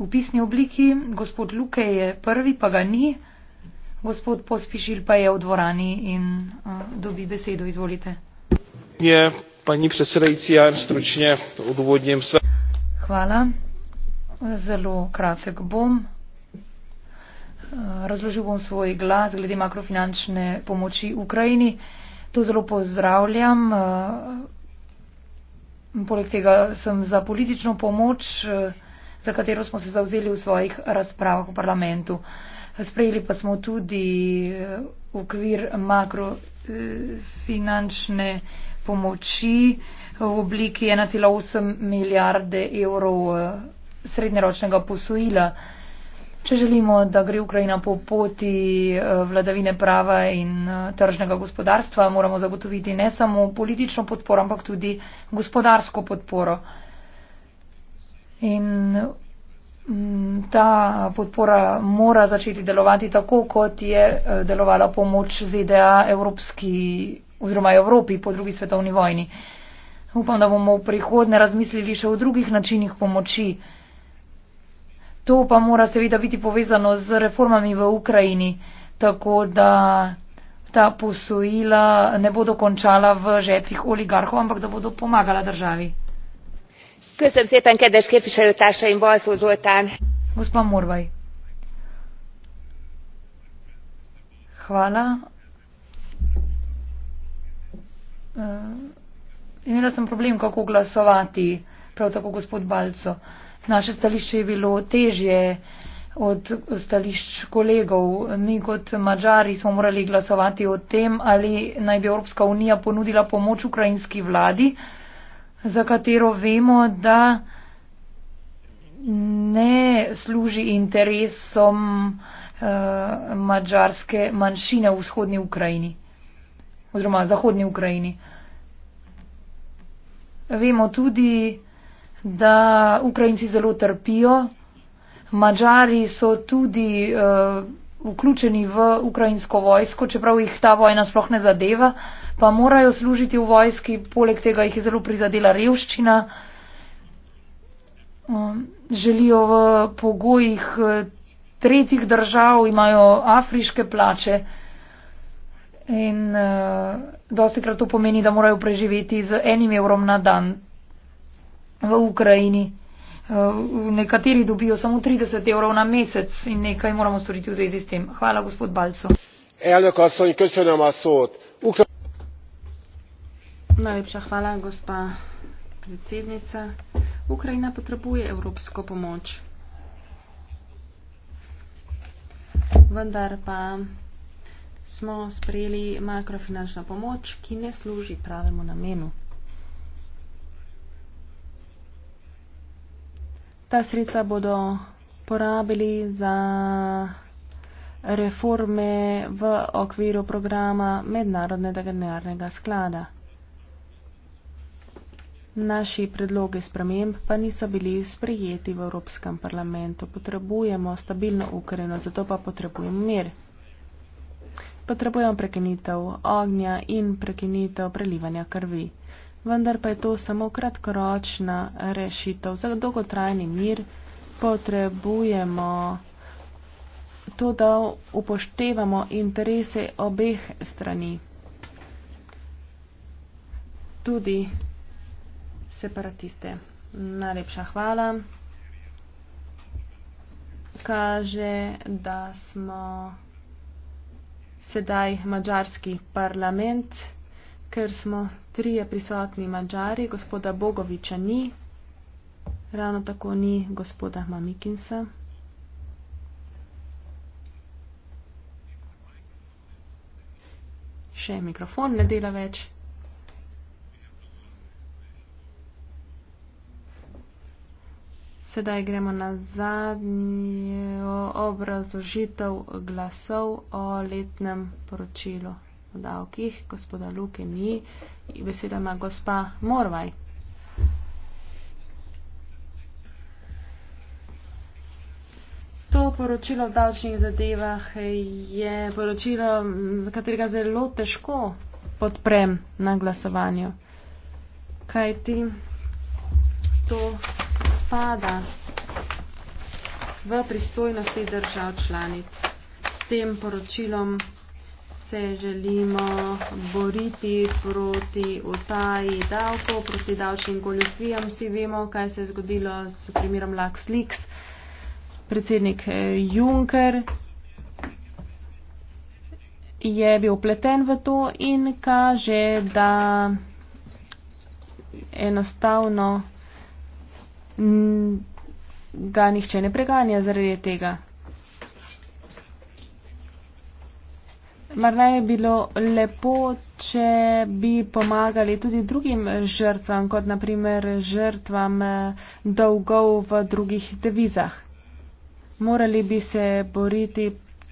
v pisni obliki. Gospod Luke je prvi, pa ga ni. Gospod Pospišil pa je v dvorani in uh, dobi besedo. Izvolite. Je, pani predsedajci, ja, stročne, odvodnjem se. Hvala. Zelo kratek bom. Razložil bom svoj glas glede makrofinančne pomoči Ukrajini. To zelo pozdravljam. Poleg tega sem za politično pomoč za katero smo se zauzeli v svojih razpravah v parlamentu. Sprejeli pa smo tudi eh, okvir makrofinančne eh, pomoči v obliki 1,8 milijarde evrov eh, srednjeročnega posojila. Če želimo, da gre Ukrajina po poti vladavine prava in tržnega gospodarstva, moramo zagotoviti ne samo politično podporo, ampak tudi gospodarsko podporo. In ta podpora mora začeti delovati tako, kot je eh, delovala pomoč ZDA Evropski oziroma Evropi po drugi svetovni vojni. Upam, da bomo v prihodne razmislili še o drugih načinih pomoči. To pa mora seveda biti povezano z reformami v Ukrajini, tako da ta posojila ne bodo končala v žepih oligarhov, ampak da bodo pomagala državi. Köszönöm szépen, kedves képviselőtársaim, Balszó Zoltán! Gospa Morvaj. Hvala. Uh, imela sem problem, kako glasovati, prav tako gospod Balco. Naše stališče je bilo težje od stališč kolegov. Mi kot Mačari smo morali glasovati o tem, ali naj bi Evropska unija ponudila pomoč ukrajinski vladi, za katero vemo, da ne služi interesom uh, eh, mađarske manjšine v vzhodni Ukrajini oziroma zahodni Ukrajini. Vemo tudi, da Ukrajinci zelo trpijo. Mačari so tudi uh, vključeni v ukrajinsko vojsko, čeprav jih ta vojna sploh ne zadeva, pa morajo služiti v vojski, poleg tega jih je zelo prizadela revščina. Uh, Um, želijo v pogojih eh, tretjih držav, imajo afriške plače in eh, dosti krat to pomeni, da morajo preživeti z enim evrom na dan v Ukrajini. Eh, nekateri dobijo samo 30 evrov na mesec in nekaj moramo storiti v zvezi s tem. Hvala, gospod Balco. Elnök asszony, köszönöm a szót. Ukra... Na, lepša hvala, gospa predsednica. Ukrajina potrebuje evropsko pomoč. Vendar pa smo sprejeli makrofinančno pomoč, ki ne služi pravemu namenu. Ta sredstva bodo porabili za reforme v okviru programa Mednarodnega denarnega sklada. Naši predlogi sprememb pa niso bili sprejeti v Evropskem parlamentu. Potrebujemo stabilno Ukrajino, zato pa potrebujemo mir. Potrebujemo prekinitev ognja in prekinitev prelivanja krvi. Vendar pa je to samo kratkoročna rešitev. Za dolgotrajni mir potrebujemo to, da upoštevamo interese obeh strani. Tudi separatiste. Najlepša hvala. Kaže, da smo sedaj mađarski parlament, ker smo trije prisotni mađari, gospoda Bogoviča ni, ravno tako ni gospoda Mamikinsa. Še mikrofon ne dela več. Sedaj gremo na zadnji obrazložitev glasov o letnem poročilu o davkih. Gospoda Luke ni, beseda ima gospa Morvaj. To poročilo o davčnih zadevah je poročilo, za katerega zelo težko podprem na glasovanju. Kaj ti to spada v pristojnosti držav članic. S tem poročilom se želimo boriti proti utaji davkov, proti davčnim goljofijam. Vsi vemo, kaj se je zgodilo s primerom LaxLix. Predsednik eh, Juncker je bil pleten v to in kaže, da enostavno Mm, ga nihče ne preganja zaradi tega. Mar naj bi bilo lepo, če bi pomagali tudi drugim žrtvam, kot naprimer žrtvam eh, dolgov v drugih devizah. Morali bi se boriti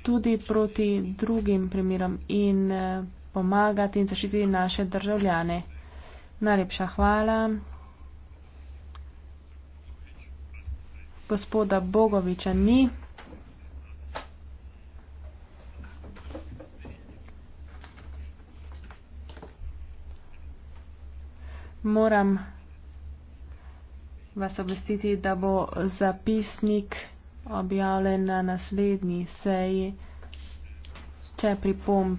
tudi proti drugim primerom in eh, pomagati in zaščititi naše državljane. Najlepša hvala. gospoda Bogoviča ni. Moram vas obvestiti, da bo zapisnik objavljen na naslednji seji, če pripomb.